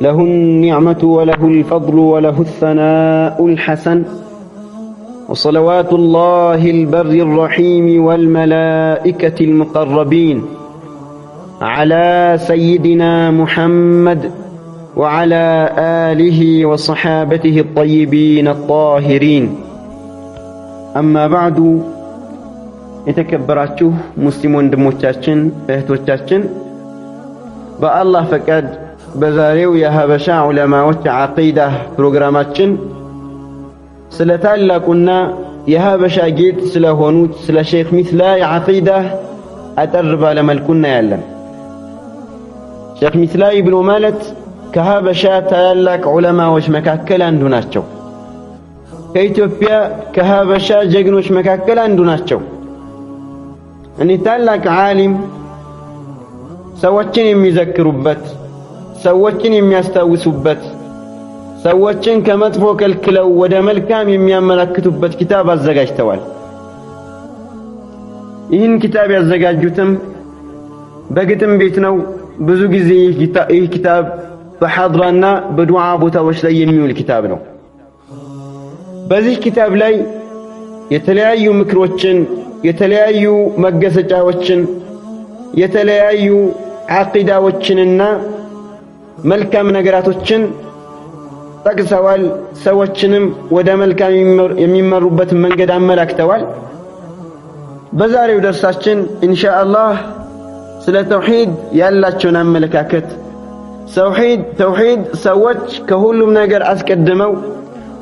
له النعمة وله الفضل وله الثناء الحسن وصلوات الله البر الرحيم والملائكة المقربين على سيدنا محمد وعلى آله وصحابته الطيبين الطاهرين أما بعد مسلمون دموتاتشن ወንድሞቻችን بأ الله فكاد በዛሬው የሀበሻ ዑለማዎች ዓቂዳ ፕሮግራማችን ስለ ታላቁና የሀበሻ ጌጥ ስለሆኑት ስለ ሼኽ ሚስላይ ዓቂዳ አጠር ባለ መልኩ እናያለን። ሼኽ ሚስላይ ብሎ ማለት ከሀበሻ ታላላቅ ዑለማዎች መካከል አንዱ ናቸው። ከኢትዮጵያ ከሀበሻ ጀግኖች መካከል አንዱ ናቸው። እኒህ ታላቅ ዓሊም ሰዎችን የሚዘክሩበት ሰዎችን የሚያስታውሱበት ሰዎችን ከመጥፎ ከልክለው ወደ መልካም የሚያመላክቱበት ኪታብ አዘጋጅተዋል። ይህን ኪታብ ያዘጋጁትም በግጥም ቤት ነው። ብዙ ጊዜ ይህ ኪታብ በሐድራና በዱዓ ቦታዎች ላይ የሚውል ኪታብ ነው። በዚህ ኪታብ ላይ የተለያዩ ምክሮችን፣ የተለያዩ መገሰጫዎችን፣ የተለያዩ ዓቂዳዎችንና መልካም ነገራቶችን ጠቅሰዋል። ሰዎችንም ወደ መልካም የሚመሩበትን መንገድ አመላክተዋል። በዛሬው ደርሳችን ኢንሻአላህ ስለ ተውሂድ ያላቸውን አመለካከት ተውሂድ ተውሂድ ሰዎች ከሁሉም ነገር አስቀድመው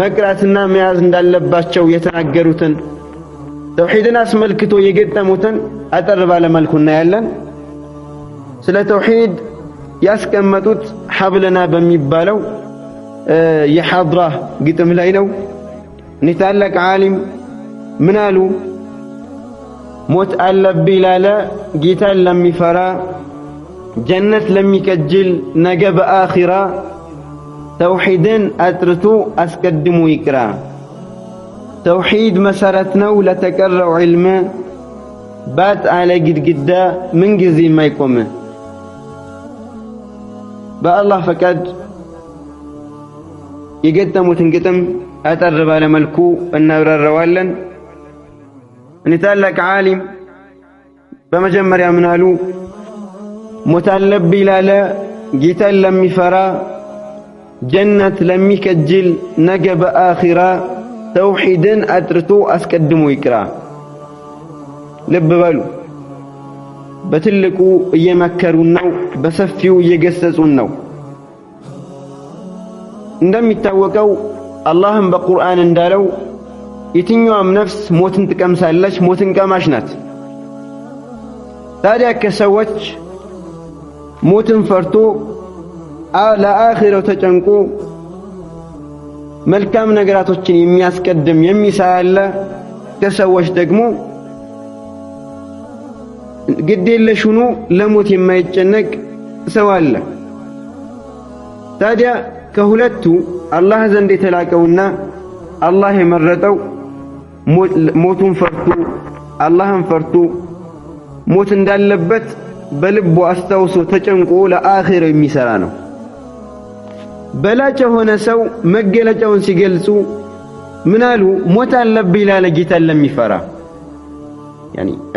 መቅራትና መያዝ እንዳለባቸው የተናገሩትን ተውሂድን አስመልክቶ የገጠሙትን አጠር ባለ መልኩ እናያለን። ስለ ተውሂድ ያስቀመጡት ሐብለና በሚባለው የሐድራ ግጥም ላይ ነው። እኒህ ታላቅ ዓሊም ምን አሉ? ሞት አለብኝ ላለ ጌታን ለሚፈራ ጀነት ለሚከጅል ነገ በአኺራ ተውሒድን አጥርቶ አስቀድሞ ይቅራ። ተውሒድ መሰረት ነው ለተቀረው ዒልም ባት አለ ግድግዳ ምንጊዜ የማይቆም በአላህ ፈቃድ የገጠሙትን ግጥም አጠር ባለ መልኩ እናብራራዋለን። እኔ ታላቅ ዓሊም በመጀመሪያ ምን አሉ? ሞታለብኝ ላለ ጌታን ለሚፈራ ጀነት ለሚከጅል ነገ በአኺራ ተውሒድን አጥርቶ አስቀድሞ ይቅራ። ልብ በሉ። በትልቁ እየመከሩን ነው፣ በሰፊው እየገሰጹን ነው። እንደሚታወቀው አላህም በቁርአን እንዳለው የትኛዋም ነፍስ ሞትን ትቀምሳለች፣ ሞትን ቀማሽ ናት። ታዲያ ከሰዎች ሞትን ፈርቶ ለአኺራው ተጨንቆ መልካም ነገራቶችን የሚያስቀድም አለ ከሰዎች ደግሞ ግዴለሽ ሆኖ ለሞት የማይጨነቅ ሰው አለ። ታዲያ ከሁለቱ አላህ ዘንድ የተላቀውና አላህ የመረጠው ሞቱን ፈርቶ አላህን ፈርቶ ሞት እንዳለበት በልቡ አስታውሶ ተጨንቆ ለአኺር የሚሰራ ነው። በላጭ የሆነ ሰው መገለጫውን ሲገልጹ ምናሉ ሞት አለብኝ ላለ ጌታን ለሚፈራ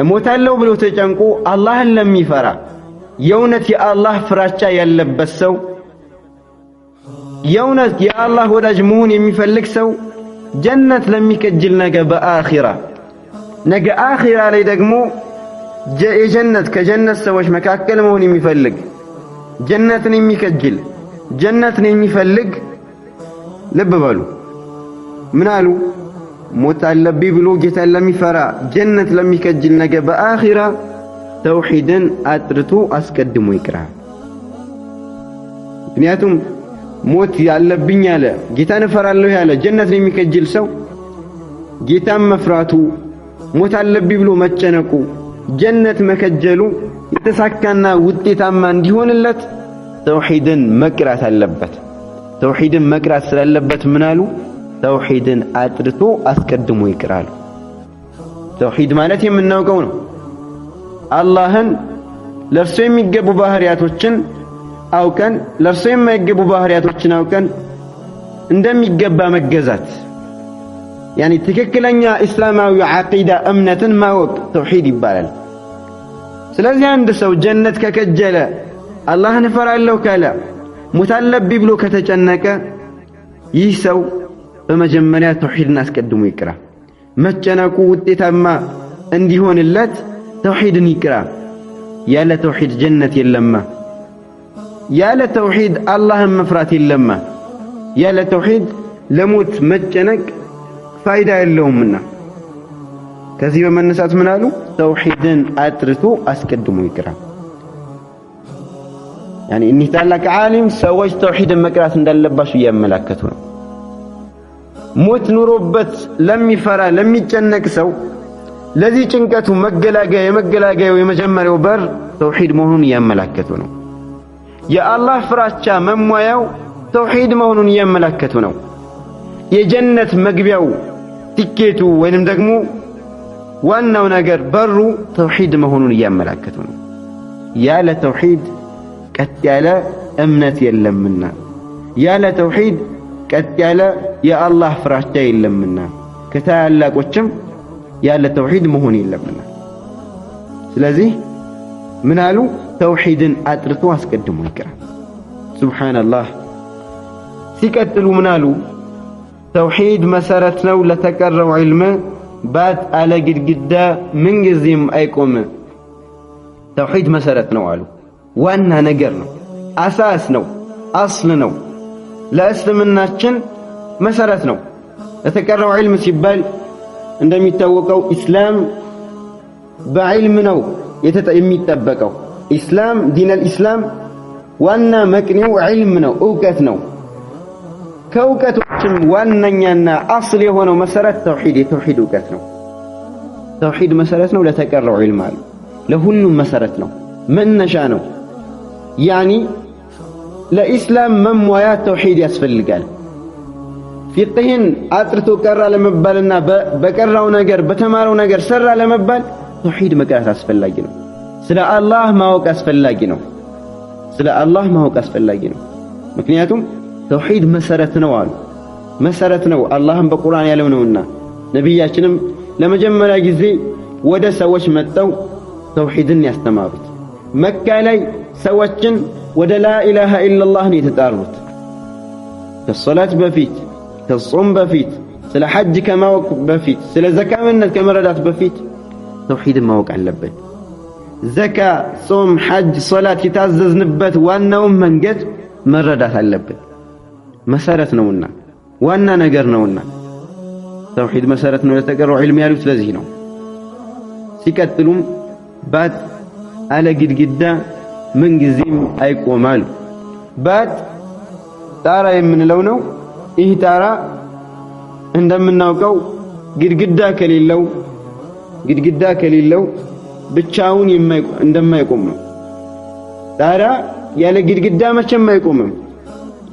እሞታለሁ ብሎ ተጨንቆ አላህን ለሚፈራ የእውነት የአላህ ፍራቻ ያለበት ሰው የእውነት የአላህ ወዳጅ መሆን የሚፈልግ ሰው ጀነት ለሚከጅል ነገ በአኺራ ነገ አኺራ ላይ ደግሞ የጀነት ከጀነት ሰዎች መካከል መሆን የሚፈልግ ጀነትን የሚከጅል ጀነትን የሚፈልግ ልብ በሉ ምን አሉ ሞት አለብኝ ብሎ ጌታን ለሚፈራ ጀነት ለሚከጅል ነገ በአኺራ ተውሂድን አጥርቶ አስቀድሞ ይቅራ። ምክንያቱም ሞት ያለብኝ ያለ ጌታን እፈራለሁ ያለ ጀነትን የሚከጅል ሰው ጌታን መፍራቱ ሞት አለብኝ ብሎ መጨነቁ ጀነት መከጀሉ የተሳካና ውጤታማ እንዲሆንለት ተውሂድን መቅራት አለበት። ተውሂድን መቅራት ስላለበት ምን አሉ? ተውሂድን አጥርቶ አስቀድሞ ይቅራሉ። ተውሂድ ማለት የምናውቀው ነው። አላህን ለእርሱ የሚገቡ ባህሪያቶችን አውቀን ለእርሱ የማይገቡ ባህሪያቶችን አውቀን እንደሚገባ መገዛት ያኒ ትክክለኛ እስላማዊ ዓቂዳ እምነትን ማወቅ ተውሂድ ይባላል። ስለዚህ አንድ ሰው ጀነት ከከጀለ አላህን እፈራለሁ ካለ ሙታለቢ ብሎ ከተጨነቀ ይህ ሰው በመጀመሪያ ተውሂድን አስቀድሞ ይቅራ። መጨነቁ ውጤታማ እንዲሆንለት ተውሂድን ይቅራ። ያለ ተውሂድ ጀነት የለማ። ያለ ተውሂድ አላህን መፍራት የለማ። ያለ ተውሂድ ለሞት መጨነቅ ፋይዳ የለውምና ከዚህ በመነሳት ምን አሉ? ተውሂድን አጥርቶ አስቀድሞ ይቅራ። ያኔ እኒህ ታላቅ ዓሊም ሰዎች ተውሂድን መቅራት እንዳለባቸው እያመላከቱ ነው። ሞት ኑሮበት ለሚፈራ ለሚጨነቅ ሰው ለዚህ ጭንቀቱ መገላገያ የመገላገያው የመጀመሪያው በር ተውሂድ መሆኑን እያመላከቱ ነው። የአላህ ፍራቻ መሟያው ተውሂድ መሆኑን እያመላከቱ ነው። የጀነት መግቢያው ትኬቱ ወይንም ደግሞ ዋናው ነገር በሩ ተውሂድ መሆኑን እያመላከቱ ነው። ያለ ተውሂድ ቀጥ ያለ እምነት የለምና ያለ ተውሂድ ቀጥ ያለ የአላህ ፍራቻ የለምና ከታላላቆችም ያለ ተውሂድ መሆን የለምና። ስለዚህ ምን አሉ? ተውሂድን አጥርቶ አስቀድሞ ይቅራል። ሱብሓነላህ። ሲቀጥሉ ምን አሉ? ተውሂድ መሰረት ነው ለተቀረው ዒልም፣ ባት አለ ግድግዳ ምንጊዜም አይቆም። ተውሂድ መሰረት ነው አሉ። ዋና ነገር ነው፣ አሳስ ነው፣ አስል ነው። ለእስልምናችን መሰረት ነው። ለተቀረው ዒልም ሲባል እንደሚታወቀው ኢስላም በዒልም ነው የሚጠበቀው። ኢስላም ዲነል ኢስላም ዋና መቅኔው ዒልም ነው፣ እውቀት ነው። ከእውቀቶችም ዋነኛና አስል የሆነው መሰረት ተውሂድ የተውሂድ እውቀት ነው። ተውሂድ መሰረት ነው ለተቀረው ዒልም አለ ለሁሉም መሰረት ነው፣ መነሻ ነው ያኒ ለኢስላም መሟያ ተውሂድ ያስፈልጋል። ፊቅህን አጥርቶ ቀራ ለመባልና በቀራው ነገር በተማረው ነገር ሰራ ለመባል ተውሂድ መቅራት አስፈላጊ ነው። ስለ አላህ ማወቅ አስፈላጊ ነው። ስለ አላህ ማወቅ አስፈላጊ ነው። ምክንያቱም ተውሂድ መሰረት ነው አሉ መሰረት ነው አላህም በቁርአን ያለው ነውና ነቢያችንም ለመጀመሪያ ጊዜ ወደ ሰዎች መጠው ተውሂድን ያስተማሩት መካ ላይ ሰዎችን ወደ ላኢላሃ ኢላላህ ነው የተጣሩት። ከሶላት በፊት ከጾም በፊት ስለ ሐጅ ከማወቅ በፊት ስለ ዘካ ምንነት ከመረዳት በፊት ተውሂድ ማወቅ አለበት። ዘካ፣ ጾም፣ ሐጅ፣ ሶላት የታዘዝንበት ዋናውን መንገድ መረዳት አለብን። መሰረት ነውና ዋና ነገር ነውና ተውሂድ መሰረት ነው። ለተቀረው ዒልም ያሉ ስለዚህ ነው። ሲቀጥሉም ባት አለ ግድግዳ ምንጊዜም አይቆማል። ባት ጣራ የምንለው ነው። ይህ ጣራ እንደምናውቀው ግድግዳ ከሌለው ግድግዳ ከሌለው ብቻውን እንደማይቆም ነው። ጣራ ያለ ግድግዳ መቼም አይቆምም።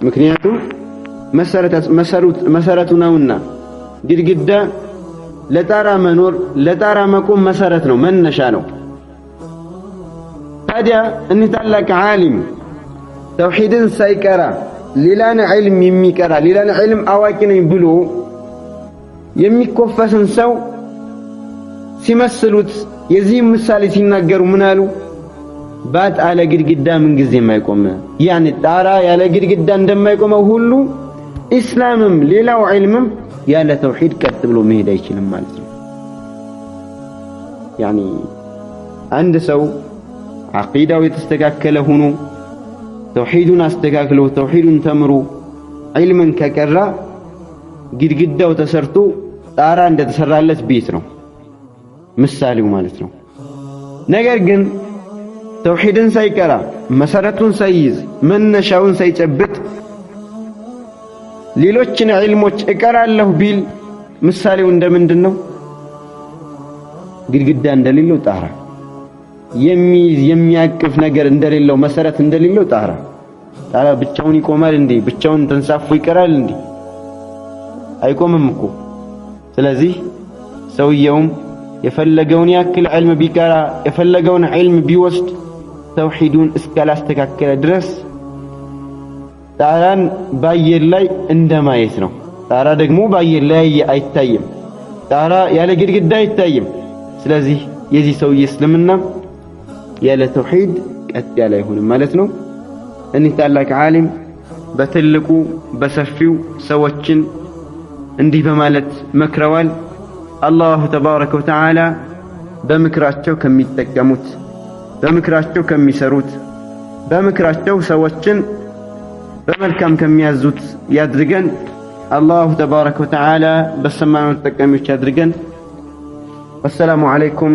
ምክንያቱም መሰረቱ ነውና፣ ግድግዳ ለጣራ መኖር ለጣራ መቆም መሰረት ነው፣ መነሻ ነው። ታዲያ እኒህ ታላቅ ዓሊም ተውሒድን ሳይቀራ ሌላን ዕልም የሚቀራ ሌላን ዕልም አዋቂ ነኝ ብሎ የሚኮፈስን ሰው ሲመስሉት የዚህም ምሳሌ ሲናገሩ ምን አሉ? ባት አለ ግድግዳ ምንጊዜ የማይቆም ያኔ ጣራ ያለ ግድግዳ እንደማይቆመው ሁሉ ኢስላምም ሌላው ዕልምም ያለ ተውሒድ ቀጥ ብሎ መሄድ አይችልም ማለት ነው። ያኒ አንድ ሰው አቂዳው የተስተካከለ ሆኖ ተውሂዱን አስተካክሎ ተውሂዱን ተምሩ። ዒልምን ከቀራ ግድግዳው ተሰርቶ ጣራ እንደተሰራለት ቤት ነው ምሳሌው ማለት ነው። ነገር ግን ተውሂድን ሳይቀራ መሰረቱን ሳይይዝ መነሻውን ሳይጨብጥ ሌሎችን ዒልሞች እቀራለሁ ቢል ምሳሌው እንደምንድን ነው? ግድግዳ እንደሌለው ጣራ የሚይዝ የሚያቅፍ ነገር እንደሌለው መሰረት እንደሌለው ጣራ ጣራ ብቻውን ይቆማል እንዴ? ብቻውን ተንሳፎ ይቀራል እንዴ? አይቆምም እኮ። ስለዚህ ሰውየውም የፈለገውን ያክል ዕልም ቢቀራ የፈለገውን ዕልም ቢወስድ ተውሂዱን እስካላስተካከለ ድረስ ጣራን በአየር ላይ እንደማየት ነው። ጣራ ደግሞ በአየር ላይ አይታይም። ጣራ ያለ ግድግዳ አይታይም። ስለዚህ የዚህ ሰውዬ እስልምና ያለ ተውሂድ ቀጥ ያለ አይሆንም ማለት ነው። እኒህ ታላቅ ዓሊም በትልቁ በሰፊው ሰዎችን እንዲህ በማለት መክረዋል። አላሁ ተባረከ ወተዓላ በምክራቸው ከሚጠቀሙት፣ በምክራቸው ከሚሰሩት፣ በምክራቸው ሰዎችን በመልካም ከሚያዙት ያድርገን። አላሁ ተባረከ ወተዓላ በሰማነው ተጠቃሚዎች ያድርገን። ወሰላሙ ዓለይኩም